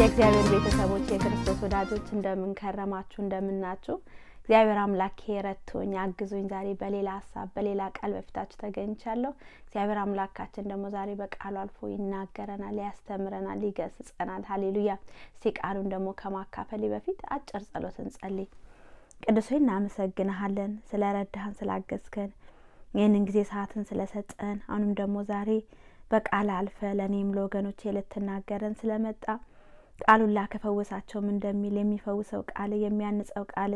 የእግዚአብሔር ቤተሰቦች የክርስቶስ ወዳጆች እንደምንከረማችሁ እንደምናችሁ፣ እግዚአብሔር አምላክ ረቶኝ አግዞኝ ዛሬ በሌላ ሀሳብ በሌላ ቃል በፊታችሁ ተገኝቻለሁ። እግዚአብሔር አምላካችን ደግሞ ዛሬ በቃሉ አልፎ ይናገረናል፣ ያስተምረናል፣ ይገስጸናል። ሀሌሉያ። እስቲ ቃሉን ደግሞ ከማካፈል በፊት አጭር ጸሎት እንጸልይ። ቅዱሶ እናመሰግንሃለን፣ ስለ ረዳህን፣ ስላገዝከን፣ ይህንን ጊዜ ሰዓትን ስለሰጠን፣ አሁንም ደግሞ ዛሬ በቃል አልፈ ለእኔም ለወገኖቼ ልትናገረን ስለመጣ ቃሉላ ከፈወሳቸውም እንደሚል የሚፈውሰው ቃል የሚያንጸው ቃል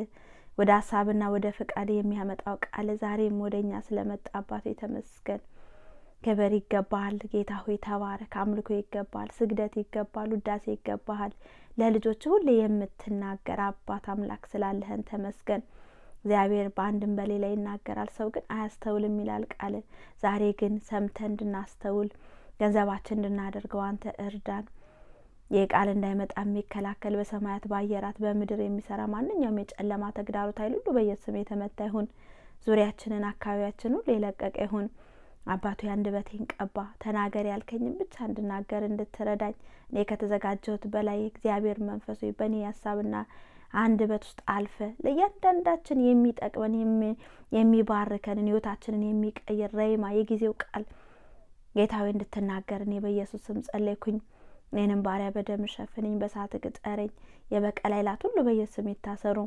ወደ ሀሳብና ወደ ፍቃድ የሚያመጣው ቃል ዛሬም ወደ እኛ ስለመጣ አባቶ የተመስገን። ገበር ይገባሃል ጌታ ሆይ ተባረክ። አምልኮ ይገባል፣ ስግደት ይገባል፣ ውዳሴ ይገባሃል። ለልጆች ሁሌ የምትናገር አባት አምላክ ስላለህን ተመስገን። እግዚአብሔር በአንድም በሌላ ይናገራል፣ ሰው ግን አያስተውልም ይላል ቃል። ዛሬ ግን ሰምተን እንድናስተውል ገንዘባችን እንድናደርገው አንተ እርዳን። ይህ ቃል እንዳይመጣ የሚከላከል በሰማያት በአየራት በምድር የሚሰራ ማንኛውም የጨለማ ተግዳሮት ኃይል ሁሉ በኢየሱስም የተመታ ይሁን። ዙሪያችንን አካባቢያችን ሁሉ የለቀቀ ይሁን። አባቱ የአንደበቴን ቀባ ተናገር ያልከኝም ብቻ እንድናገር እንድትረዳኝ እኔ ከተዘጋጀሁት በላይ እግዚአብሔር መንፈሱ በእኔ ሀሳብና አንደበት ውስጥ አልፈ ለእያንዳንዳችን የሚጠቅመን የሚባርከን ህይወታችንን የሚቀይር ረይማ የጊዜው ቃል ጌታዊ እንድትናገር እኔ በኢየሱስ ስም ጸለይኩኝ። እኔንም ባሪያ በደም ሸፍንኝ፣ በሳት ግጠረኝ፣ የበቀል ኃይላት ሁሉ በየስም ይታሰሩ።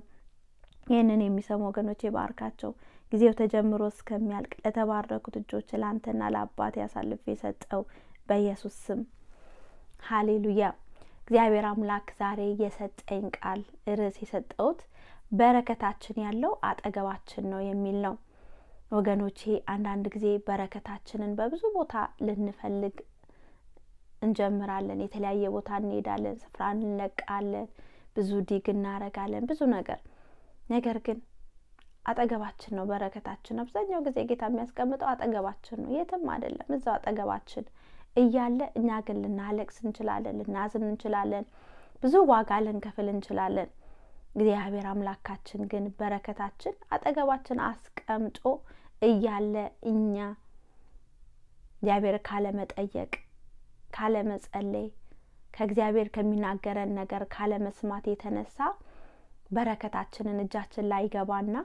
ይህንን የሚሰሙ ወገኖች ባርካቸው። ጊዜው ተጀምሮ እስከሚያልቅ ለተባረኩት እጆች ለአንተና ለአባቴ አሳልፌ የሰጠው በኢየሱስ ስም ሀሌሉያ። እግዚአብሔር አምላክ ዛሬ የሰጠኝ ቃል ርዕስ የሰጠውት በረከታችን ያለው አጠገባችን ነው የሚል ነው። ወገኖቼ አንዳንድ ጊዜ በረከታችንን በብዙ ቦታ ልንፈልግ እንጀምራለን። የተለያየ ቦታ እንሄዳለን፣ ስፍራ እንለቃለን፣ ብዙ ዲግ እናረጋለን፣ ብዙ ነገር። ነገር ግን አጠገባችን ነው በረከታችን። አብዛኛው ጊዜ ጌታ የሚያስቀምጠው አጠገባችን ነው፣ የትም አይደለም፣ እዛው አጠገባችን እያለ እኛ ግን ልናለቅስ እንችላለን፣ ልናዝን እንችላለን፣ ብዙ ዋጋ ልንከፍል እንችላለን። እግዚአብሔር አምላካችን ግን በረከታችን አጠገባችን አስቀምጦ እያለ እኛ እግዚአብሔር ካለመጠየቅ ካለመጸለይ ከእግዚአብሔር ከሚናገረን ነገር ካለመስማት የተነሳ በረከታችንን እጃችን ላይ ይገባና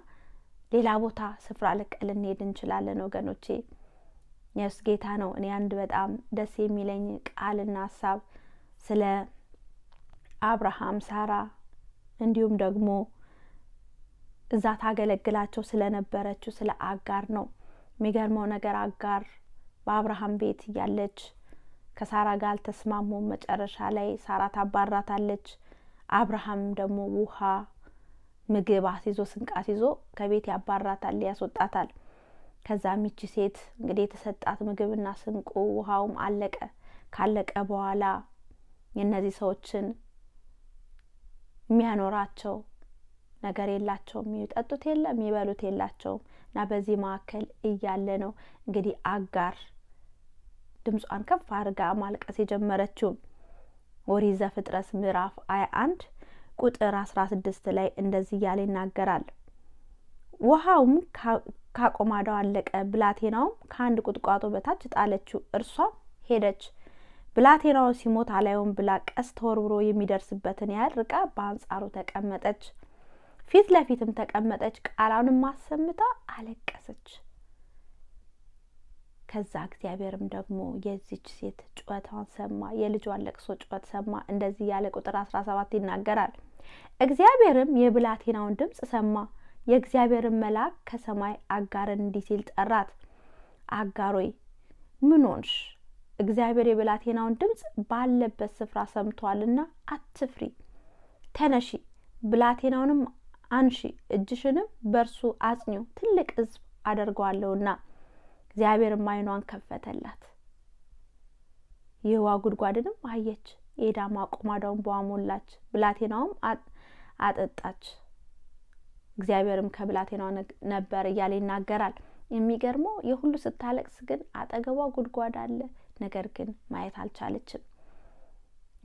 ሌላ ቦታ ስፍራ ለቀን ልንሄድ እንችላለን። ወገኖቼ የሱስ ጌታ ነው። እኔ አንድ በጣም ደስ የሚለኝ ቃልና ሀሳብ ስለ አብርሃም፣ ሳራ እንዲሁም ደግሞ እዛ ታገለግላቸው ስለነበረችው ስለ አጋር ነው። የሚገርመው ነገር አጋር በአብርሃም ቤት እያለች ከሳራ ጋር አልተስማሙ። መጨረሻ ላይ ሳራ ታባራታለች። አብርሃም ደግሞ ውሃ፣ ምግብ አስይዞ ስንቅ አስይዞ ከቤት ያባራታል፣ ያስወጣታል። ከዛ ሚቺ ሴት እንግዲህ የተሰጣት ምግብና ስንቁ ውሃውም አለቀ። ካለቀ በኋላ የእነዚህ ሰዎችን የሚያኖራቸው ነገር የላቸውም፣ የሚጠጡት የለም፣ የሚበሉት የላቸውም እና በዚህ መካከል እያለ ነው እንግዲህ አጋር ድምጿን ከፍ አድርጋ ማልቀስ የጀመረችው። ኦሪት ዘፍጥረት ምዕራፍ 21 ቁጥር 16 ላይ እንደዚህ እያለ ይናገራል። ውሃውም ካቆማዳው አለቀ፣ ብላቴናውም ከአንድ ቁጥቋጦ በታች ጣለችው፣ እርሷም ሄደች። ብላቴናው ሲሞት አላየውም ብላ ቀስ ተወርብሮ የሚደርስበትን ያህል ርቃ በአንጻሩ ተቀመጠች። ፊት ለፊትም ተቀመጠች፣ ቃላውንም አሰምታ አለቀሰች። ከዛ እግዚአብሔርም ደግሞ የዚች ሴት ጩኸቷን ሰማ፣ የልጇን ለቅሶ ጩኸት ሰማ። እንደዚህ ያለ ቁጥር አስራ ሰባት ይናገራል። እግዚአብሔርም የብላቴናውን ድምፅ ሰማ። የእግዚአብሔርን መልአክ ከሰማይ አጋርን እንዲህ ሲል ጠራት፣ አጋሮይ ምን ሆንሽ? እግዚአብሔር የብላቴናውን ድምፅ ባለበት ስፍራ ሰምቷልና አትፍሪ። ተነሺ፣ ብላቴናውንም አንሺ፣ እጅሽንም በእርሱ አጽኚው፣ ትልቅ ሕዝብ አደርገዋለሁና እግዚአብሔርም አይኗን ከፈተላት፣ የውሃ ጉድጓድንም አየች። የዳማ ማቆማዳውን በውሃ ሞላች፣ ብላቴናውም አጠጣች። እግዚአብሔርም ከብላቴናው ነበር እያለ ይናገራል። የሚገርመው የሁሉ ስታለቅስ ግን አጠገቧ ጉድጓድ አለ፣ ነገር ግን ማየት አልቻለችም።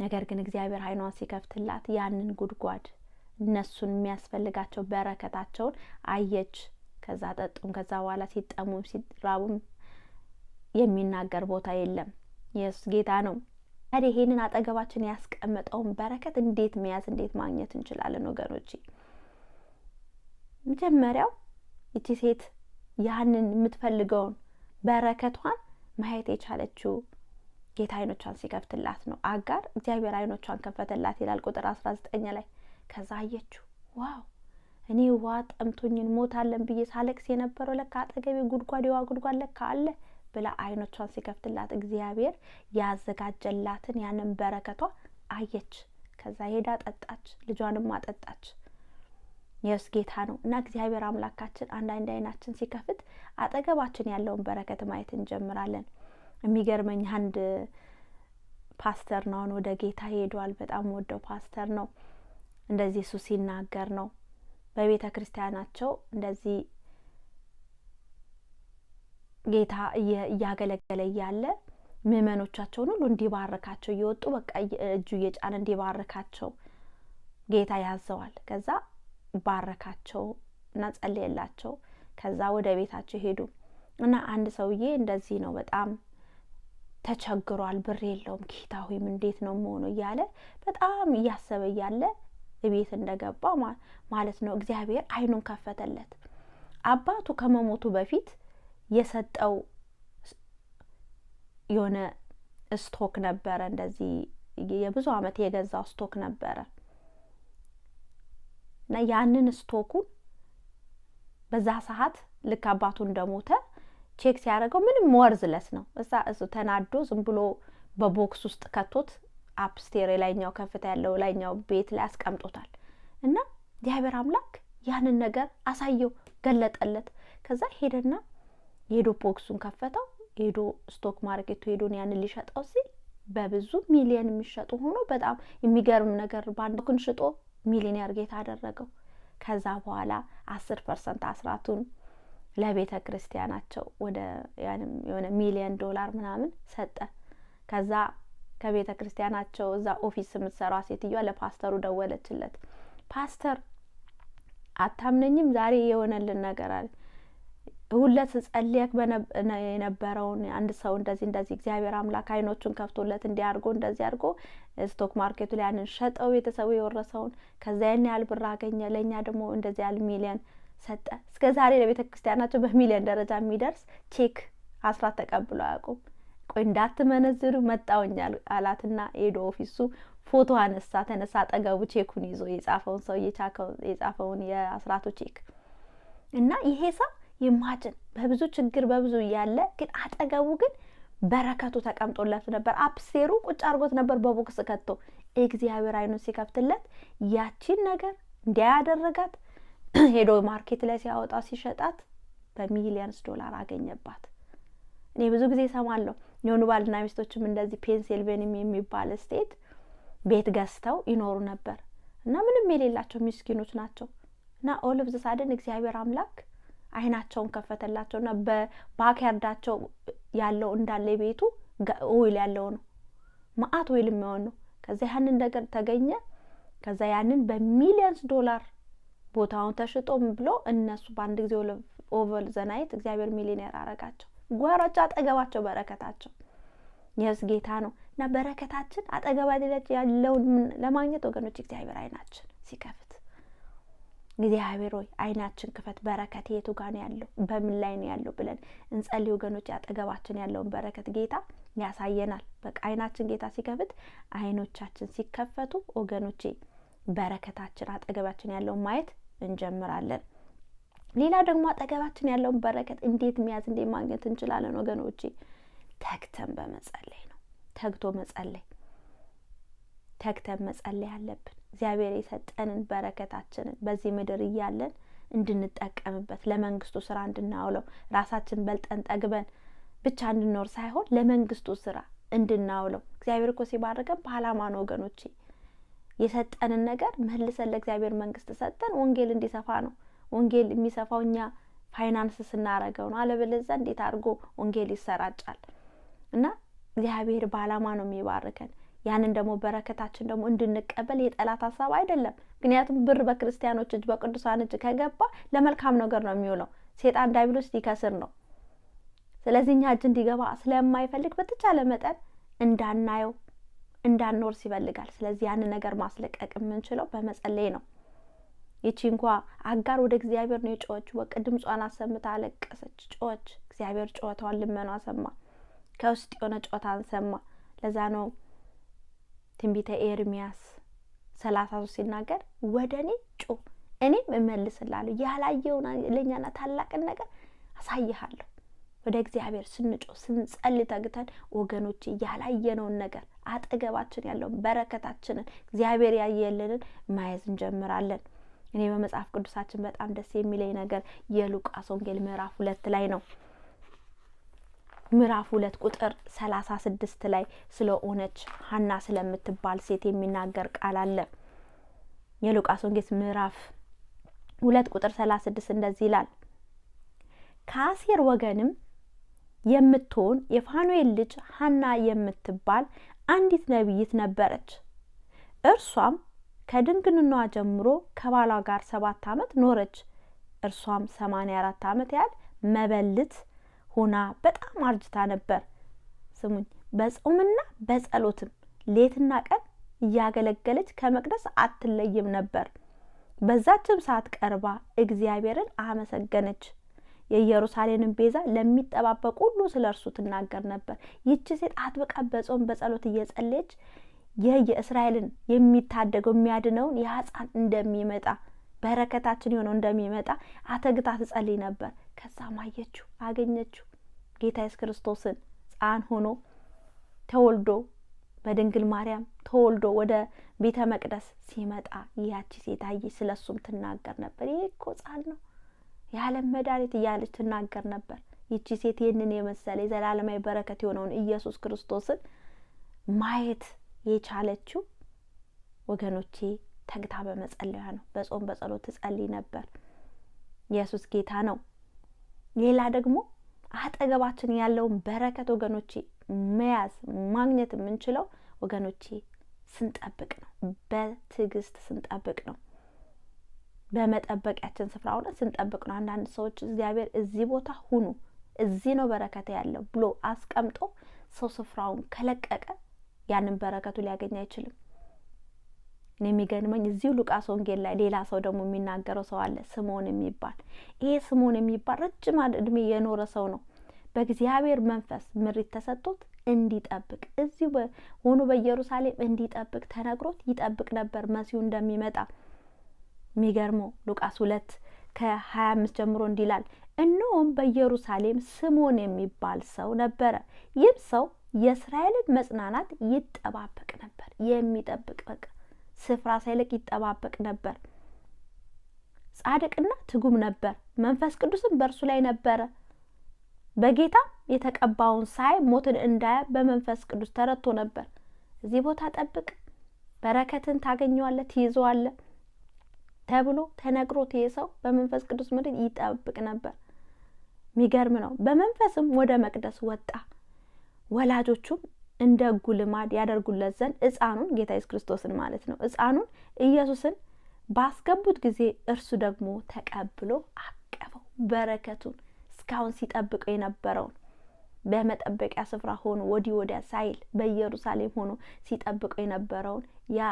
ነገር ግን እግዚአብሔር አይኗን ሲከፍትላት ያንን ጉድጓድ እነሱን የሚያስፈልጋቸው በረከታቸውን አየች። ከዛ ጠጡም፣ ከዛ በኋላ ሲጠሙም ሲራቡም የሚናገር ቦታ የለም። ኢየሱስ ጌታ ነው። ታዲያ ይሄንን አጠገባችን ያስቀመጠውን በረከት እንዴት መያዝ እንዴት ማግኘት እንችላለን ወገኖቼ? መጀመሪያው ይቺ ሴት ያንን የምትፈልገውን በረከቷን ማየት የቻለችው ጌታ አይኖቿን ሲከፍትላት ነው። አጋር እግዚአብሔር አይኖቿን ከፈተላት ይላል ቁጥር አስራ ዘጠኝ ላይ ከዛ አየችው ዋው እኔ ውሃ ጠምቶኝ እንሞታለን ብዬ ሳለቅስ የነበረው ለካ አጠገቤ ጉድጓድ የዋ ጉድጓድ ለካ አለ ብላ አይኖቿን ሲከፍትላት እግዚአብሔር ያዘጋጀላትን ያንን በረከቷ አየች። ከዛ ሄዳ ጠጣች፣ ልጇንም አጠጣች። የውስ ጌታ ነው እና እግዚአብሔር አምላካችን አንዳንድ አይናችን ሲከፍት አጠገባችን ያለውን በረከት ማየት እንጀምራለን። የሚገርመኝ አንድ ፓስተር ነው፣ አሁን ወደ ጌታ ሄዷል። በጣም ወደው ፓስተር ነው። እንደዚህ እሱ ሲናገር ነው በቤተ ክርስቲያናቸው እንደዚህ ጌታ እያገለገለ እያለ ምእመኖቻቸውን ሁሉ እንዲባርካቸው እየወጡ በቃ እጁ እየጫነ እንዲባርካቸው ጌታ ያዘዋል። ከዛ ባረካቸው እና ጸልየላቸው ከዛ ወደ ቤታቸው ሄዱ እና አንድ ሰውዬ እንደዚህ ነው በጣም ተቸግሯል፣ ብር የለውም። ጌታ ሆይም እንዴት ነው መሆኑ እያለ በጣም እያሰበ እያለ ቤት እንደገባ ማለት ነው። እግዚአብሔር አይኑን ከፈተለት። አባቱ ከመሞቱ በፊት የሰጠው የሆነ ስቶክ ነበረ፣ እንደዚህ የብዙ ዓመት የገዛ ስቶክ ነበረ እና ያንን ስቶኩን በዛ ሰዓት ልክ አባቱ እንደሞተ ቼክ ሲያደርገው ምንም ወርዝለስ ነው። እዛ ተናዶ ዝም ብሎ በቦክስ ውስጥ ከቶት አፕስቴር የላይኛው ከፍታ ያለው ላይኛው ቤት ላይ አስቀምጦታል። እና እግዚአብሔር አምላክ ያንን ነገር አሳየው፣ ገለጠለት። ከዛ ሄደና ሄዶ ቦክሱን ከፈተው ሄዶ ስቶክ ማርኬቱ ሄዶን ያንን ሊሸጠው ሲል በብዙ ሚሊየን የሚሸጡ ሆኖ በጣም የሚገርም ነገር በአንድ ኩን ሽጦ ሚሊዮኔር ጌታ አደረገው። ከዛ በኋላ አስር ፐርሰንት አስራቱን ለቤተ ክርስቲያናቸው ወደ የሆነ ሚሊየን ዶላር ምናምን ሰጠ። ከዛ ከቤተ ክርስቲያናቸው እዛ ኦፊስ የምትሰራ ሴትዮዋ ለፓስተሩ ደወለችለት። ፓስተር አታምነኝም፣ ዛሬ የሆነልን ነገር አለ። ሁለት ጸልየክ የነበረውን አንድ ሰው እንደዚህ እንደዚህ እግዚአብሔር አምላክ አይኖቹን ከፍቶለት እንዲያርጎ እንደዚህ አድርጎ ስቶክ ማርኬቱ ላይ ያንን ሸጠው ቤተሰቡ የወረሰውን ከዛ ያን ያህል ብር አገኘ። ለእኛ ደግሞ እንደዚህ ያህል ሚሊዮን ሰጠ። እስከ ዛሬ ለቤተ ክርስቲያናቸው በሚሊዮን ደረጃ የሚደርስ ቼክ አስራት ተቀብሎ አያውቁም። ቆይ እንዳትመነዝሩ መጣውኛል አላትና ሄዶ ኦፊሱ ፎቶ አነሳ። ተነሳ አጠገቡ ቼኩን ይዞ የጻፈውን ሰው የጻፈውን የአስራቱ ቼክ እና ይሄ ሰው ይማጭን በብዙ ችግር በብዙ እያለ ግን አጠገቡ ግን በረከቱ ተቀምጦለት ነበር። አፕስቴሩ ቁጭ አድርጎት ነበር በቦክስ ከቶ እግዚአብሔር አይኑን ሲከፍትለት ያቺን ነገር እንዲያደረጋት ሄዶ ማርኬት ላይ ሲያወጣ ሲሸጣት በሚሊየንስ ዶላር አገኘባት። እኔ ብዙ ጊዜ እሰማለሁ የሆኑ ባልና ሚስቶችም እንደዚህ ፔንሲልቬኒም የሚባል ስቴት ቤት ገዝተው ይኖሩ ነበር እና ምንም የሌላቸው ሚስኪኖች ናቸው። እና ኦልፍ ዘሳድን እግዚአብሔር አምላክ አይናቸውን ከፈተላቸው እና በባክያርዳቸው ያለው እንዳለ ቤቱ ኦይል ያለው ነው። ማአት ኦይል የሚሆን ነው። ከዛ ያንን ነገር ተገኘ። ከዛ ያንን በሚሊየንስ ዶላር ቦታውን ተሽጦም ብሎ እነሱ በአንድ ጊዜ ኦቨል ዘናይት እግዚአብሔር ሚሊዮኔር አረጋቸው። ጓራቸው አጠገባቸው በረከታቸው የስ ጌታ ነው እና በረከታችን አጠገባችን ያለውን ለማግኘት ወገኖች እግዚአብሔር አይናችን ሲከፍት እግዚአብሔር ሆይ አይናችን ክፈት፣ በረከት የቱ ጋር ነው ያለው፣ በምን ላይ ነው ያለው ብለን እንጸልይ ወገኖች። አጠገባችን ያለውን በረከት ጌታ ያሳየናል። በቃ አይናችን ጌታ ሲከፍት፣ አይኖቻችን ሲከፈቱ ወገኖቼ በረከታችን አጠገባችን ያለውን ማየት እንጀምራለን። ሌላ ደግሞ አጠገባችን ያለውን በረከት እንዴት መያዝ እንዴት ማግኘት እንችላለን ወገኖቼ? ተግተን በመጸለይ ነው። ተግቶ መጸለይ፣ ተግተን መጸለይ አለብን። እግዚአብሔር የሰጠንን በረከታችንን በዚህ ምድር እያለን እንድንጠቀምበት ለመንግስቱ ስራ እንድናውለው ራሳችን በልጠን ጠግበን ብቻ እንድኖር ሳይሆን ለመንግስቱ ስራ እንድናውለው እግዚአብሔር እኮ ሲባርከን በዓላማ ነው ወገኖቼ። የሰጠንን ነገር መልሰን ለእግዚአብሔር መንግስት ሰጠን ወንጌል እንዲሰፋ ነው። ወንጌል የሚሰፋው እኛ ፋይናንስ ስናረገው ነው። አለበለዛ እንዴት አድርጎ ወንጌል ይሰራጫል? እና እግዚአብሔር በዓላማ ነው የሚባርከን። ያንን ደግሞ በረከታችን ደግሞ እንድንቀበል የጠላት ሀሳብ አይደለም። ምክንያቱም ብር በክርስቲያኖች እጅ በቅዱሳን እጅ ከገባ ለመልካም ነገር ነው የሚውለው። ሴጣን ዲያብሎስ ሊከስር ነው። ስለዚህ እኛ እጅ እንዲገባ ስለማይፈልግ በተቻለ መጠን እንዳናየው እንዳንወርስ ይፈልጋል። ስለዚህ ያንን ነገር ማስለቀቅ የምንችለው በመጸለይ ነው። ይቺ እንኳ አጋር ወደ እግዚአብሔር ነው የጮኸች። በቃ ድምጿን አሰምታ አለቀሰች፣ ጮኸች። እግዚአብሔር ጮኸታዋን ልመኗ ሰማ፣ ከውስጥ የሆነ ጮታን ሰማ። ለዛ ነው ትንቢተ ኤርሚያስ ሰላሳ ሶስት ሲናገር ወደ እኔ ጩህ እኔም እመልስላለሁ፣ ያላየውን ለእኛና ታላቅን ነገር አሳይሃለሁ። ወደ እግዚአብሔር ስንጮ ስንጸል ተግተን ወገኖች ያላየነውን ነገር አጠገባችን ያለውን በረከታችንን እግዚአብሔር ያየልንን ማየት እንጀምራለን። እኔ በመጽሐፍ ቅዱሳችን በጣም ደስ የሚለኝ ነገር የሉቃስ ወንጌል ምዕራፍ ሁለት ላይ ነው። ምዕራፍ ሁለት ቁጥር ሰላሳ ስድስት ላይ ስለ ሆነች ሀና ስለምትባል ሴት የሚናገር ቃል አለ። የሉቃስ ወንጌል ምዕራፍ ሁለት ቁጥር ሰላሳ ስድስት እንደዚህ ይላል ከአሴር ወገንም የምትሆን የፋኑኤል ልጅ ሀና የምትባል አንዲት ነቢይት ነበረች። እርሷም ከድንግልናዋ ጀምሮ ከባሏ ጋር ሰባት ዓመት ኖረች። እርሷም ሰማንያ አራት ዓመት ያህል መበልት ሆና በጣም አርጅታ ነበር። ስሙኝ፣ በጾምና በጸሎትም ሌትና ቀን እያገለገለች ከመቅደስ አትለይም ነበር። በዛችም ሰዓት ቀርባ እግዚአብሔርን አመሰገነች። የኢየሩሳሌምን ቤዛ ለሚጠባበቁ ሁሉ ስለ እርሱ ትናገር ነበር። ይቺ ሴት አጥብቃ በጾም በጸሎት እየጸለየች ይህ የእስራኤልን የሚታደገው የሚያድነውን የሕፃን እንደሚመጣ በረከታችን የሆነው እንደሚመጣ አተግታ ትጸልይ ነበር። ከዛም አየችው፣ አገኘችው ጌታ የሱስ ክርስቶስን ሕፃን ሆኖ ተወልዶ በድንግል ማርያም ተወልዶ ወደ ቤተ መቅደስ ሲመጣ ያቺ ሴት አየች። ስለ እሱም ትናገር ነበር። ይህ እኮ ጻን ነው የዓለም መድኃኒት እያለች ትናገር ነበር። ይቺ ሴት ይህንን የመሰለ የዘላለማዊ በረከት የሆነውን ኢየሱስ ክርስቶስን ማየት የቻለችው ወገኖቼ ተግታ በመጸለያ ነው። በጾም በጸሎት ትጸልይ ነበር። ኢየሱስ ጌታ ነው። ሌላ ደግሞ አጠገባችን ያለውን በረከት ወገኖቼ መያዝ ማግኘት የምንችለው ወገኖቼ ስንጠብቅ ነው። በትዕግስት ስንጠብቅ ነው። በመጠበቂያችን ስፍራ ሆነ ስንጠብቅ ነው። አንዳንድ ሰዎች እግዚአብሔር እዚህ ቦታ ሁኑ፣ እዚህ ነው በረከት ያለው ብሎ አስቀምጦ ሰው ስፍራውን ከለቀቀ ያንን በረከቱ ሊያገኝ አይችልም። የሚገርመኝ እዚሁ ሉቃስ ወንጌል ላይ ሌላ ሰው ደግሞ የሚናገረው ሰው አለ፣ ስምዖን የሚባል ይሄ ስምዖን የሚባል ረጅም እድሜ የኖረ ሰው ነው። በእግዚአብሔር መንፈስ ምሪት ተሰጥቶት እንዲጠብቅ እዚሁ ሆኖ በኢየሩሳሌም እንዲጠብቅ ተነግሮት ይጠብቅ ነበር መሲሁ እንደሚመጣ። የሚገርመው ሉቃስ ሁለት ከሀያ አምስት ጀምሮ እንዲላል እነሆም በኢየሩሳሌም ስምዖን የሚባል ሰው ነበረ። ይህም ሰው የእስራኤልን መጽናናት ይጠባበቅ ነበር። የሚጠብቅ በቃ ስፍራ ሳይለቅ ይጠባበቅ ነበር። ጻድቅና ትጉም ነበር። መንፈስ ቅዱስም በእርሱ ላይ ነበረ። በጌታ የተቀባውን ሳይ ሞትን እንዳያ በመንፈስ ቅዱስ ተረቶ ነበር። እዚህ ቦታ ጠብቅ፣ በረከትን ታገኘዋለ፣ ትይዘዋለ ተብሎ ተነግሮት ይህ ሰው በመንፈስ ቅዱስ ምድር ይጠብቅ ነበር። ሚገርም ነው። በመንፈስም ወደ መቅደስ ወጣ። ወላጆቹም እንደ ጉ ልማድ ያደርጉለት ዘንድ ህፃኑን ጌታ ኢየሱስ ክርስቶስን ማለት ነው ሕፃኑን ኢየሱስን ባስገቡት ጊዜ እርሱ ደግሞ ተቀብሎ አቀፈው። በረከቱን እስካሁን ሲጠብቀው የነበረውን በመጠበቂያ ስፍራ ሆኖ ወዲህ ወዲያ ሳይል በኢየሩሳሌም ሆኖ ሲጠብቀው የነበረውን ያ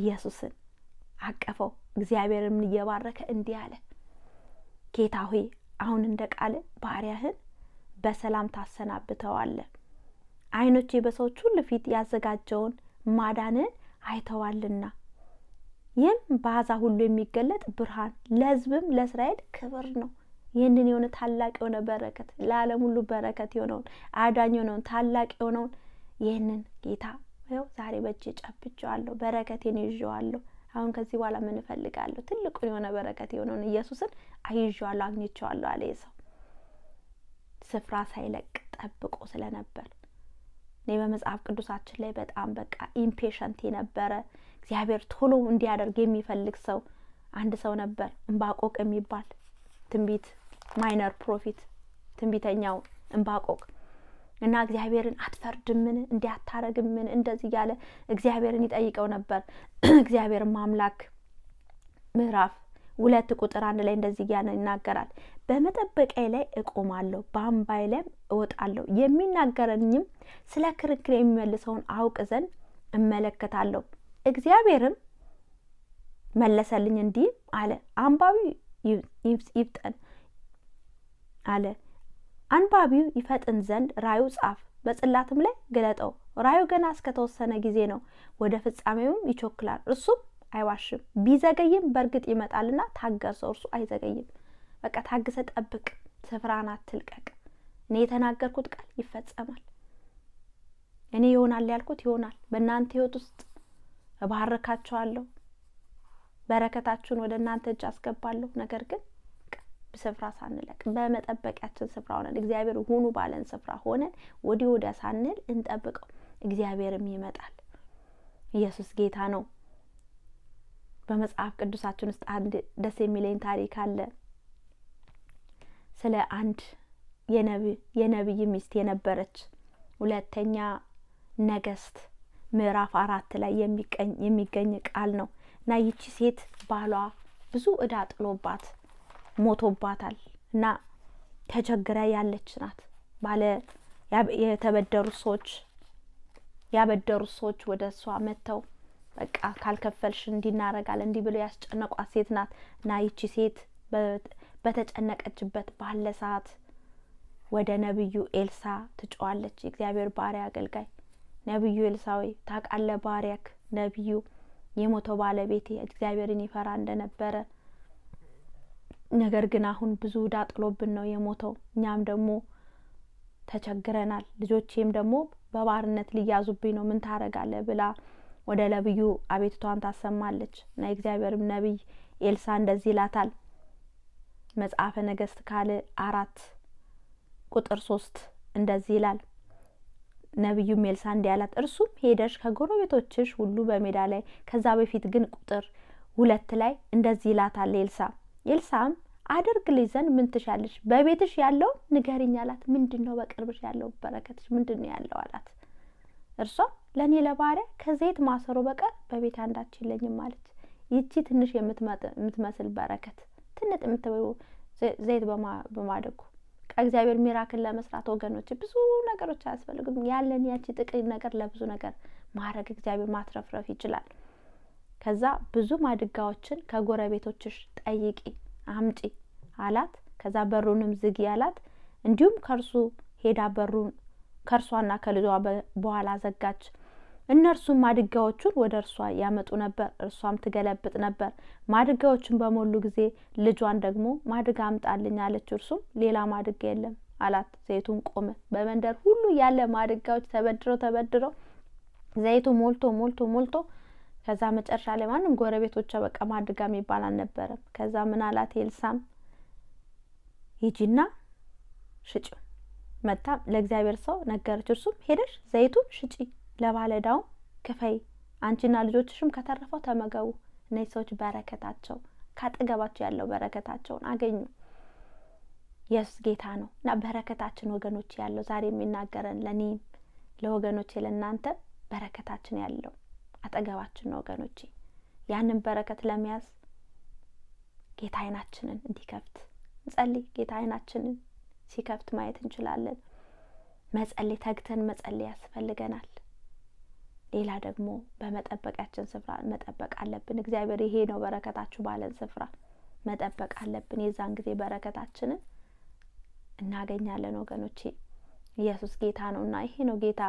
ኢየሱስን አቀፈው። እግዚአብሔርም እየባረከ እንዲህ አለ፣ ጌታ ሆይ አሁን እንደ ቃል ባሪያህን በሰላም ታሰናብተዋለ። አይኖቼ በሰዎች ሁሉ ፊት ያዘጋጀውን ማዳንን አይተዋልና ይህም በአዛ ሁሉ የሚገለጥ ብርሃን ለህዝብም ለእስራኤል ክብር ነው። ይህንን የሆነ ታላቅ የሆነ በረከት ለዓለም ሁሉ በረከት የሆነውን አዳኝ የሆነውን ታላቅ የሆነውን ይህንን ጌታ ይኸው ዛሬ በእጄ ጨብጨዋለሁ። በረከቴን ይዤዋለሁ። አሁን ከዚህ በኋላ ምን እፈልጋለሁ? ትልቁን የሆነ በረከት የሆነውን ኢየሱስን አይዤዋለሁ፣ አግኝቼዋለሁ አለ ሰው ስፍራ ሳይለቅ ጠብቆ ስለነበር እኔ በመጽሐፍ ቅዱሳችን ላይ በጣም በቃ ኢምፔሸንት የነበረ እግዚአብሔር ቶሎ እንዲያደርግ የሚፈልግ ሰው አንድ ሰው ነበር፣ እምባቆቅ የሚባል ትንቢት ማይነር ፕሮፊት ትንቢተኛው እምባቆቅ እና እግዚአብሔርን አትፈርድምን እንዲያታረግምን እንደዚህ እያለ እግዚአብሔርን ይጠይቀው ነበር። እግዚአብሔር ማምላክ ምዕራፍ ሁለት ቁጥር አንድ ላይ እንደዚህ እያለ ይናገራል። በመጠበቂያ ላይ እቆማለሁ፣ በአምባይ ላይ እወጣለሁ። የሚናገረኝም ስለ ክርክር የሚመልሰውን አውቅ ዘንድ እመለከታለሁ። እግዚአብሔርም መለሰልኝ እንዲህ አለ፣ አንባቢው ይፍጠን አለ። አንባቢው ይፈጥን ዘንድ ራዩ ጻፍ፣ በጽላትም ላይ ግለጠው። ራዩ ገና እስከተወሰነ ጊዜ ነው፣ ወደ ፍጻሜውም ይቾክላል። እርሱም አይዋሽም፣ ቢዘገይም በእርግጥ ይመጣልና ታገሰው፣ እርሱ አይዘገይም። በቃ ታግሰ ጠብቅ፣ ስፍራን አትልቀቅ። እኔ የተናገርኩት ቃል ይፈጸማል። እኔ ይሆናል ያልኩት ይሆናል። በእናንተ ህይወት ውስጥ እባርካችኋለሁ፣ በረከታችሁን ወደ እናንተ እጅ አስገባለሁ። ነገር ግን ስፍራ ሳንለቅ በመጠበቂያችን ስፍራ ሆነን እግዚአብሔር ሁኑ ባለን ስፍራ ሆነን ወዲህ ወዲያ ሳንል እንጠብቀው። እግዚአብሔርም ይመጣል። ኢየሱስ ጌታ ነው። በመጽሐፍ ቅዱሳችን ውስጥ አንድ ደስ የሚለኝ ታሪክ አለ። ስለ አንድ የነቢይ ሚስት የነበረች ሁለተኛ ነገስት ምዕራፍ አራት ላይ የሚገኝ ቃል ነው እና ይቺ ሴት ባሏ ብዙ እዳ ጥሎባት ሞቶባታል እና ተቸግራ ያለች ናት። ባለ የተበደሩ ሰዎች ያበደሩ ሰዎች ወደ እሷ መጥተው በቃ ካልከፈልሽ እንዲናረጋል እንዲህ ብሎ ያስጨነቋት ሴት ናት እና ይቺ ሴት በተጨነቀችበት ባለ ሰዓት ወደ ነቢዩ ኤልሳ ትጮዋለች። የእግዚአብሔር ባሪያ አገልጋይ ነቢዩ ኤልሳ ሆይ ታቃለ ባሪያክ ነቢዩ የሞተው ባለቤቴ እግዚአብሔርን ይፈራ እንደነበረ ነገር ግን አሁን ብዙ ዕዳ ጥሎብን ነው የሞተው። እኛም ደግሞ ተቸግረናል። ልጆቼም ደግሞ በባርነት ሊያዙብኝ ነው። ምን ታረጋለህ ብላ ወደ ነቢዩ አቤቱታዋን ታሰማለች እና የእግዚአብሔርም ነቢይ ኤልሳ እንደዚህ ይላታል። መጽሐፈ ነገስት ካል አራት ቁጥር ሶስት እንደዚህ ይላል። ነቢዩም ኤልሳ እንዲህ አላት፣ እርሱም ሄደሽ ከጎረቤቶችሽ ሁሉ በሜዳ ላይ ከዛ በፊት ግን ቁጥር ሁለት ላይ እንደዚህ ይላታል ኤልሳም አድርግ አደርግልሽ ዘንድ ምን ትሻለሽ? በቤትሽ ያለው ንገሪኝ አላት። ምንድን ነው በቅርብሽ ያለው በረከትሽ ምንድን ነው ያለው አላት። እርሷም ለእኔ ለባሪያ ከዘይት ማሰሮ በቀር በቤት አንዳች የለኝም አለች። ይቺ ትንሽ የምትመስል በረከት ትንጥ የምትበሉ ዘይት በማድረጉ እግዚአብሔር ሚራክል ለመስራት ወገኖች ብዙ ነገሮች አያስፈልግም። ያለን ያቺ ጥቂት ነገር ለብዙ ነገር ማድረግ እግዚአብሔር ማትረፍረፍ ይችላል። ከዛ ብዙ ማድጋዎችን ከጎረቤቶችሽ ጠይቂ አምጪ አላት። ከዛ በሩንም ዝጊ አላት። እንዲሁም ከእርሱ ሄዳ በሩን ከእርሷና ከልጇ በኋላ ዘጋች። እነርሱም ማድጋዎቹን ወደ እርሷ ያመጡ ነበር፣ እርሷም ትገለብጥ ነበር። ማድጋዎቹን በሞሉ ጊዜ ልጇን ደግሞ ማድጋ አምጣልኝ አለች። እርሱም ሌላ ማድጋ የለም አላት። ዘይቱን ቆመ። በመንደር ሁሉ ያለ ማድጋዎች ተበድረው ተበድረው ዘይቱ ሞልቶ ሞልቶ ሞልቶ ከዛ መጨረሻ ላይ ማንም ጎረቤቶቿ በቃ ማድጋ የሚባል አልነበረም። ከዛ ምን አላት ኤልሳም ሂጂና ሽጭ መታም ለእግዚአብሔር ሰው ነገረች። እርሱም ሄደሽ ዘይቱን ሽጪ ለባለዳው ክፈይ፣ አንቺና ልጆችሽም ከተረፈው ተመገቡ። እነዚህ ሰዎች በረከታቸው ካጠገባቸው ያለው በረከታቸውን አገኙ። ኢየሱስ ጌታ ነው እና በረከታችን ወገኖች ያለው ዛሬ የሚናገረን ለእኔም ለወገኖቼ ለእናንተ በረከታችን ያለው አጠገባችን ነው ወገኖቼ። ያንን በረከት ለመያዝ ጌታ አይናችንን እንዲከፍት እንጸልይ። ጌታ አይናችንን ሲከፍት ማየት እንችላለን። መጸሌ ተግተን መጸሌ ያስፈልገናል። ሌላ ደግሞ በመጠበቂያችን ስፍራ መጠበቅ አለብን። እግዚአብሔር ይሄ ነው በረከታችሁ ባለን ስፍራ መጠበቅ አለብን። የዛን ጊዜ በረከታችንን እናገኛለን ወገኖቼ። ኢየሱስ ጌታ ነው እና ይሄ ነው ጌታ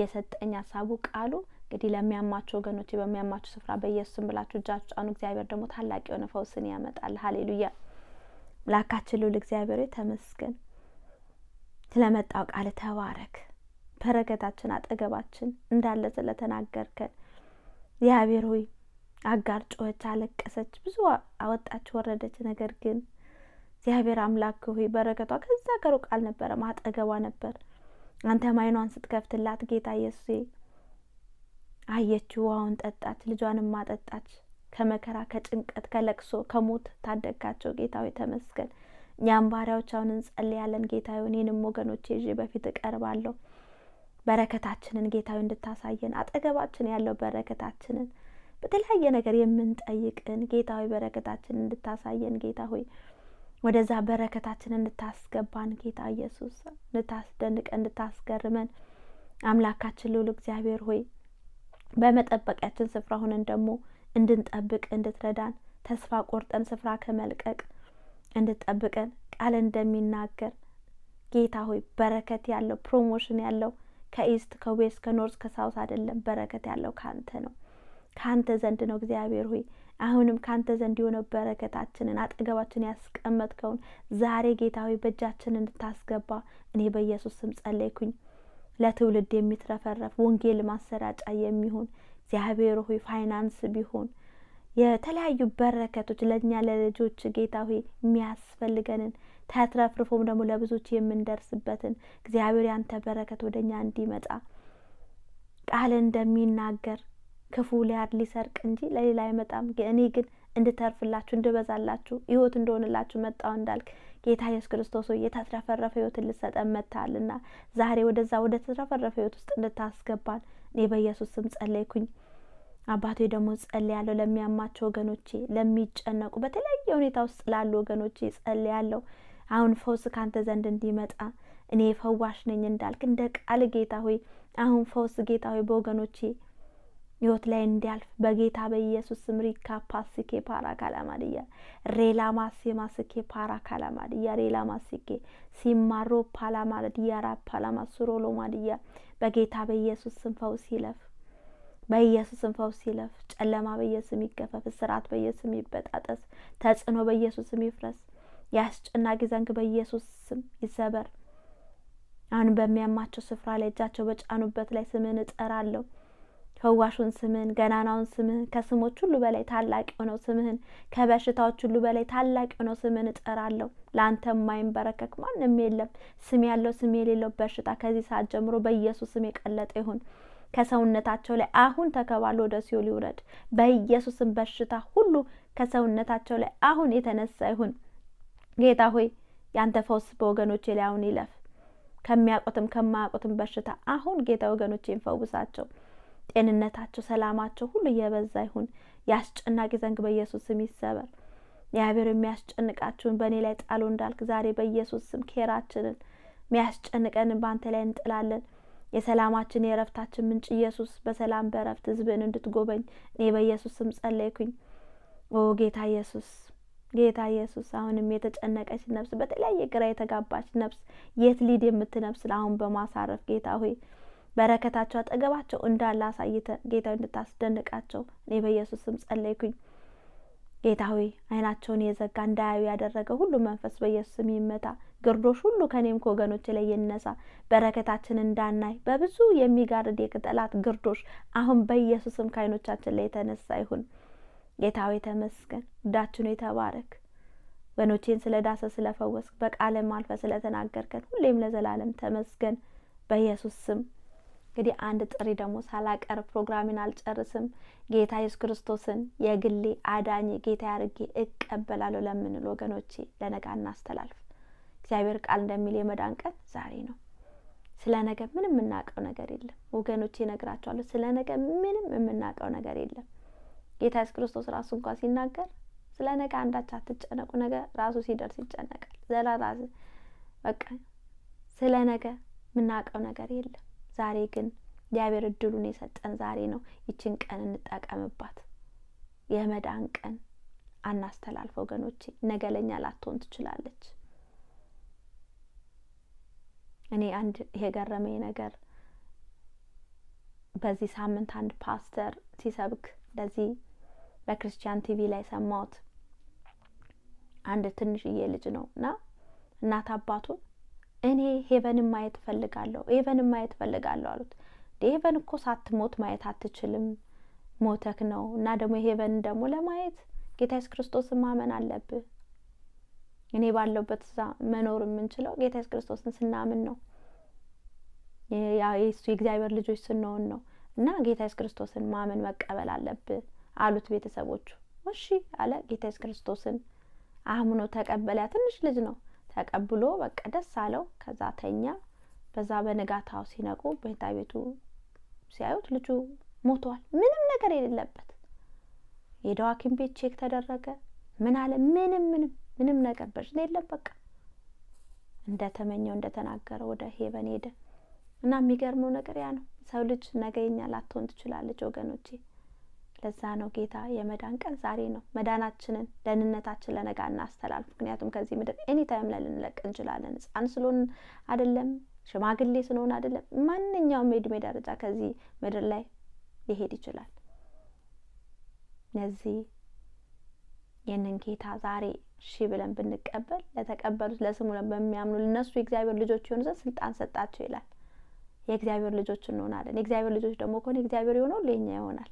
የሰጠኝ ሀሳቡ ቃሉ። እንግዲህ ለሚያማቸው ወገኖቼ በሚያማቸው ስፍራ በኢየሱስም ብላችሁ እጃችሁ ጫኑ። እግዚአብሔር ደግሞ ታላቅ የሆነ ፈውስን ያመጣል። ሀሌሉያ። ላካችን ልዑል እግዚአብሔር ተመስገን። ስለመጣው ቃል ተባረክ። በረከታችን አጠገባችን እንዳለ ስለተናገርከን እግዚአብሔር ሆይ አጋር ጮኸች፣ አለቀሰች፣ ብዙ አወጣች ወረደች። ነገር ግን እግዚአብሔር አምላክ ሆይ በረከቷ ከዛ ከሩቅ አልነበረም፣ አጠገቧ ነበር። አንተ ማይኗን ስትከፍትላት ጌታ ኢየሱስ አየችው፣ ውሃውን ጠጣች፣ ልጇንም አጠጣች። ከመከራ ከጭንቀት ከለቅሶ ከሞት ታደጋቸው። ጌታ ሆይ ተመስገን። እኛም ባሪያዎች አሁን እንጸልያለን። ጌታ ሆይ እኔንም ወገኖቼ ይዤ በፊት እቀርባለሁ። በረከታችንን ጌታዊ እንድታሳየን አጠገባችን ያለው በረከታችንን በተለያየ ነገር የምንጠይቅን ጌታዊ በረከታችንን እንድታሳየን ጌታ ሆይ ወደዛ በረከታችን እንድታስገባን ጌታ ኢየሱስ እንድታስደንቀን እንድታስገርመን አምላካችን ልዑል እግዚአብሔር ሆይ በመጠበቂያችን ስፍራ ሆነን ደግሞ እንድንጠብቅ እንድትረዳን ተስፋ ቆርጠን ስፍራ ከመልቀቅ እንድጠብቀን ቃል እንደሚናገር ጌታ ሆይ በረከት ያለው ፕሮሞሽን ያለው ከኢስት ከዌስት ከኖርስ ከሳውት አይደለም። በረከት ያለው ካንተ ነው፣ ካንተ ዘንድ ነው። እግዚአብሔር ሆይ አሁንም ካንተ ዘንድ የሆነው በረከታችንን አጠገባችን ያስቀመጥከውን ዛሬ ጌታ ሆይ በእጃችን እንድታስገባ እኔ በኢየሱስ ስም ጸለይኩኝ። ለትውልድ የሚትረፈረፍ ወንጌል ማሰራጫ የሚሆን እግዚአብሔር ሆይ ፋይናንስ ቢሆን የተለያዩ በረከቶች ለእኛ ለልጆች ጌታ ሆይ የሚያስፈልገንን ተትረፍርፎም ደግሞ ለብዙዎች የምንደርስበትን እግዚአብሔር ያንተ በረከት ወደ እኛ እንዲመጣ ቃል እንደሚናገር ክፉ ሊያድ ሊሰርቅ እንጂ ለሌላ አይመጣም። እኔ ግን እንድተርፍላችሁ እንድበዛላችሁ ህይወት እንደሆንላችሁ መጣው እንዳልክ ጌታ ኢየሱስ ክርስቶስ ሆይ የተትረፈረፈ ሕይወትን ልሰጠን መጥተሃልና ዛሬ ወደዛ ወደ ተትረፈረፈ ህይወት ውስጥ እንድታስገባን እኔ በኢየሱስ ስም ጸለይኩኝ። አባቴ ደግሞ ጸልያለሁ ለሚያማቸው ወገኖቼ፣ ለሚጨነቁ በተለያየ ሁኔታ ውስጥ ላሉ ወገኖቼ ጸልያለሁ። አሁን ፈውስ ካንተ ዘንድ እንዲመጣ እኔ ፈዋሽ ነኝ እንዳልክ እንደ ቃል ጌታ ሆይ አሁን ፈውስ ጌታ ሆይ በወገኖቼ ህይወት ላይ እንዲያልፍ በጌታ በኢየሱስ ስም ሪካ ፓስኬ ፓራ ካላማድያ ሬላ ማሴ ማስኬ ፓራ ካላማድያ ሬላ ማስኬ ሲማሮ ፓላማድያ ራ ፓላማሱሮ ሎማድያ በጌታ በኢየሱስ ስም ፈውስ ይለፍ። በኢየሱስም ፈውስ ይለፍ። ጨለማ በኢየሱስም ይገፈፍ። ስርዓት በኢየሱስም ይበጣጠስ። ተጽዕኖ በኢየሱስም ይፍረስ። የአስጨናቂ ዘንግ በኢየሱስ ስም ይሰበር። አሁን በሚያማቸው ስፍራ ላይ እጃቸው በጫኑበት ላይ ስምህን እጠራለሁ። ፈዋሹን ስምህን፣ ገናናውን ስምህን፣ ከስሞች ሁሉ በላይ ታላቅ የሆነው ስምህን፣ ከበሽታዎች ሁሉ በላይ ታላቅ የሆነው ስምህን እጠራለሁ። ለአንተ የማይንበረከክ ማንም የለም። ስም ያለው ስም የሌለው በሽታ ከዚህ ሰዓት ጀምሮ በኢየሱስ ስም የቀለጠ ይሁን። ከሰውነታቸው ላይ አሁን ተከባሎ ወደ ሲኦል ይውረድ። በኢየሱስም በሽታ ሁሉ ከሰውነታቸው ላይ አሁን የተነሳ ይሁን። ጌታ ሆይ ያንተ ፈውስ በወገኖቼ ላይ አሁን ይለፍ። ከሚያውቁትም ከማያውቁትም በሽታ አሁን ጌታ ወገኖቼን ፈውሳቸው። ጤንነታቸው፣ ሰላማቸው ሁሉ እየበዛ ይሁን። የአስጨናቂ ዘንግ በኢየሱስ ስም ይሰበር። እግዚአብሔር የሚያስጨንቃችሁን በእኔ ላይ ጣሉ እንዳልክ ዛሬ በኢየሱስ ስም ኬራችንን የሚያስጨንቀንን በአንተ ላይ እንጥላለን። የሰላማችን የእረፍታችን ምንጭ ኢየሱስ በሰላም በእረፍት ህዝብን እንድትጎበኝ እኔ በኢየሱስ ስም ጸለይኩኝ። ኦ ጌታ ኢየሱስ ጌታ ኢየሱስ አሁንም የተጨነቀች ነፍስ፣ በተለያየ ግራ የተጋባች ነፍስ፣ የት ሊድ የምትነፍስ አሁን በማሳረፍ ጌታ ሆይ በረከታቸው አጠገባቸው እንዳለ አሳይተ ጌታ እንድታስደንቃቸው እኔ በኢየሱስ ስም ጸለይኩኝ። ጌታ ሆይ አይናቸውን የዘጋ እንዳያዩ ያደረገ ሁሉ መንፈስ በኢየሱስ ስም ይመታ። ግርዶሽ ሁሉ ከኔም ከወገኖች ላይ ይነሳ። በረከታችን እንዳናይ በብዙ የሚጋርድ የቅጠላት ግርዶሽ አሁን በኢየሱስም ከአይኖቻችን ላይ የተነሳ ይሁን። ጌታ ሆይ ተመስገን። ዳችኑ የተባረክ ወኖቼን ስለ ዳሰ ስለፈወስክ በቃለ ማልፈ ተናገርከን ሁሌም ለዘላለም ተመስገን በኢየሱስ ስም እንግዲህ አንድ ጥሪ ደግሞ ሳላቀር ፕሮግራሚን አልጨርስም። ጌታ ኢየሱስ ክርስቶስን የግሌ አዳኝ ጌታ ያርጌ እቀበላለሁ ለምንል ወገኖቼ ለነጋ እናስተላልፍ። እግዚአብሔር ቃል እንደሚል የመዳን ቀን ዛሬ ነው። ስለ ነገ ምንም የምናውቀው ነገር የለም ወገኖቼ፣ ነግራቸዋለሁ። ስለ ነገ ምንም የምናውቀው ነገር የለም። ጌታ ኢየሱስ ክርስቶስ ራሱ እንኳ ሲናገር ስለ ነገ አንዳች አትጨነቁ፣ ነገ ራሱ ሲደርስ ይጨነቃል። ዘላ በቃ ስለ ነገ የምናውቀው ነገር የለም። ዛሬ ግን እግዚአብሔር እድሉን የሰጠን ዛሬ ነው። ይችን ቀን እንጠቀምባት። የመዳን ቀን አናስተላልፈ ወገኖቼ። ነገ ለኛ ላትሆን ትችላለች። እኔ አንድ የገረመኝ ነገር በዚህ ሳምንት አንድ ፓስተር ሲሰብክ እንደዚህ በክርስቲያን ቲቪ ላይ ሰማሁት። አንድ ትንሽዬ ልጅ ነው እና እናት አባቱን እኔ ሄቨንን ማየት እፈልጋለሁ፣ ሄቨንን ማየት እፈልጋለሁ አሉት። ሄቨን እኮ ሳትሞት ማየት አትችልም፣ ሞተክ ነው እና ደግሞ ሄቨንን ደግሞ ለማየት ጌታ ኢየሱስ ክርስቶስን ማመን አለብህ። እኔ ባለሁበት እዛ መኖር የምንችለው ጌታ ኢየሱስ ክርስቶስን ስናምን ነው፣ የሱ የእግዚአብሔር ልጆች ስንሆን ነው እና ጌታ ኢየሱስ ክርስቶስን ማመን መቀበል አለብህ አሉት ቤተሰቦቹ። እሺ አለ። ጌታ ኢየሱስ ክርስቶስን አምኖ ተቀበለ። ያ ትንሽ ልጅ ነው። ተቀብሎ በቃ ደስ አለው። ከዛ ተኛ። በዛ በነጋታው ሲነቁ ቤታ ቤቱ ሲያዩት ልጁ ሞቷል። ምንም ነገር የሌለበት ሄደው ሐኪም ቤት ቼክ ተደረገ። ምን አለ ምንም ምንም ምንም ነገር በሽታ የለም። በቃ እንደ እንደተናገረ ወደ ሄበን ሄደ እና የሚገርመው ነገር ያ ነው። ሰው ልጅ ነገ ላትሆን ትችላለች ወገኖቼ። ለዛ ነው ጌታ የመዳን ቀን ዛሬ ነው። መዳናችንን ደህንነታችን ለነጋ እናስተላልፍ። ምክንያቱም ከዚህ ምድር ኤኒታይም ላይ ልንለቅ እንችላለን። ህጻን ስለሆን አይደለም፣ ሽማግሌ ስለሆን አይደለም። ማንኛውም የእድሜ ደረጃ ከዚህ ምድር ላይ ሊሄድ ይችላል። እነዚህ ይህንን ጌታ ዛሬ እሺ ብለን ብንቀበል ለተቀበሉት ለስሙ በሚያምኑ ለነሱ የእግዚአብሔር ልጆች የሆኑ ዘንድ ስልጣን ሰጣቸው ይላል። የእግዚአብሔር ልጆች እንሆናለን። የእግዚአብሔር ልጆች ደግሞ ከሆነ የሆነ ሁሉ የኛ ይሆናል።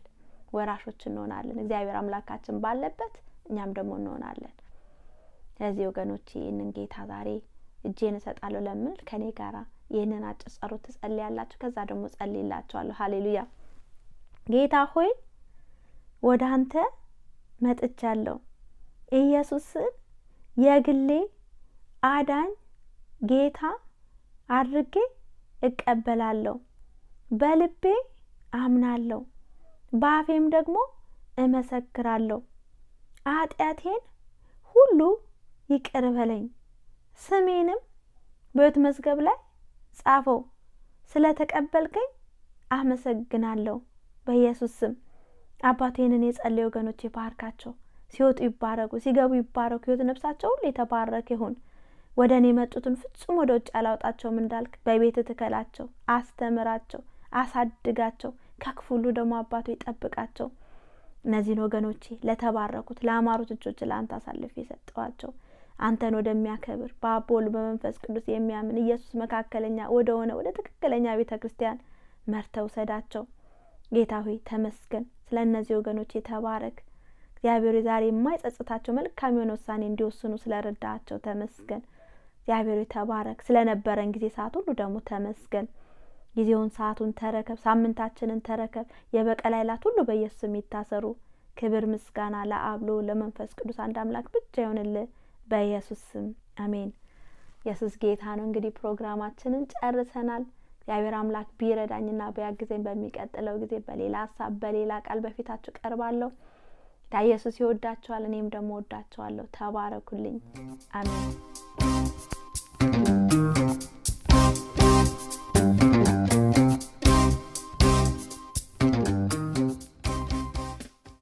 ወራሾች እንሆናለን። እግዚአብሔር አምላካችን ባለበት እኛም ደግሞ እንሆናለን። ስለዚህ ወገኖቼ ይህንን ጌታ ዛሬ እጄን እሰጣለሁ ለምል ከኔ ጋራ ይህንን አጭር ጸሎት ትጸልያላችሁ። ከዛ ደግሞ ጸልይላችኋለሁ። ሀሌሉያ። ጌታ ሆይ ወደ አንተ መጥቻለሁ። ኢየሱስን የግሌ አዳኝ ጌታ አድርጌ እቀበላለሁ። በልቤ አምናለሁ። በአፌም ደግሞ እመሰክራለሁ ኃጢአቴን ሁሉ ይቅር በለኝ፣ ስሜንም በሕይወት መዝገብ ላይ ጻፈው፣ ስለ ተቀበልከኝ አመሰግናለሁ። በኢየሱስ ስም አባቴ ይህንን የጸለዩ ወገኖች ይባርካቸው። ሲወጡ ይባረኩ፣ ሲገቡ ይባረኩ። ሕይወት ነፍሳቸው ሁሉ የተባረከ ይሁን። ወደ እኔ የመጡትን ፍጹም ወደ ውጭ አላውጣቸውም እንዳልክ በቤት ትከላቸው፣ አስተምራቸው፣ አሳድጋቸው። ከክፉ ሁሉ ደግሞ አባቱ ይጠብቃቸው። እነዚህን ወገኖቼ ለተባረኩት ለአማሩት እጆች ለአንተ አሳልፍ የሰጠዋቸው አንተን ወደሚያከብር በአብ በመንፈስ ቅዱስ የሚያምን ኢየሱስ መካከለኛ ወደ ሆነ ወደ ትክክለኛ ቤተ ክርስቲያን መርተው ሰዳቸው። ጌታ ሆይ ተመስገን። ስለ እነዚህ ወገኖች የተባረክ እግዚአብሔር ዛሬ የማይጸጽታቸው መልካም የሆነ ውሳኔ እንዲወስኑ ስለ ረዳቸው ተመስገን። እግዚአብሔር ተባረክ። ስለነበረን ጊዜ ሰዓት ሁሉ ደግሞ ተመስገን። ጊዜውን ሰዓቱን ተረከብ፣ ሳምንታችንን ተረከብ። የበቀል ኃይላት ሁሉ በኢየሱስም ይታሰሩ። ክብር ምስጋና ለአብሎ ለመንፈስ ቅዱስ አንድ አምላክ ብቻ ይሆንልህ በኢየሱስ ስም አሜን። ኢየሱስ ጌታ ነው። እንግዲህ ፕሮግራማችንን ጨርሰናል። እግዚአብሔር አምላክ ቢረዳኝና ቢያግዘኝ በሚቀጥለው ጊዜ በሌላ ሀሳብ በሌላ ቃል በፊታችሁ ቀርባለሁ። ጌታ ኢየሱስ ይወዳችኋል፣ እኔም ደግሞ ወዳችኋለሁ። ተባረኩልኝ። አሜን።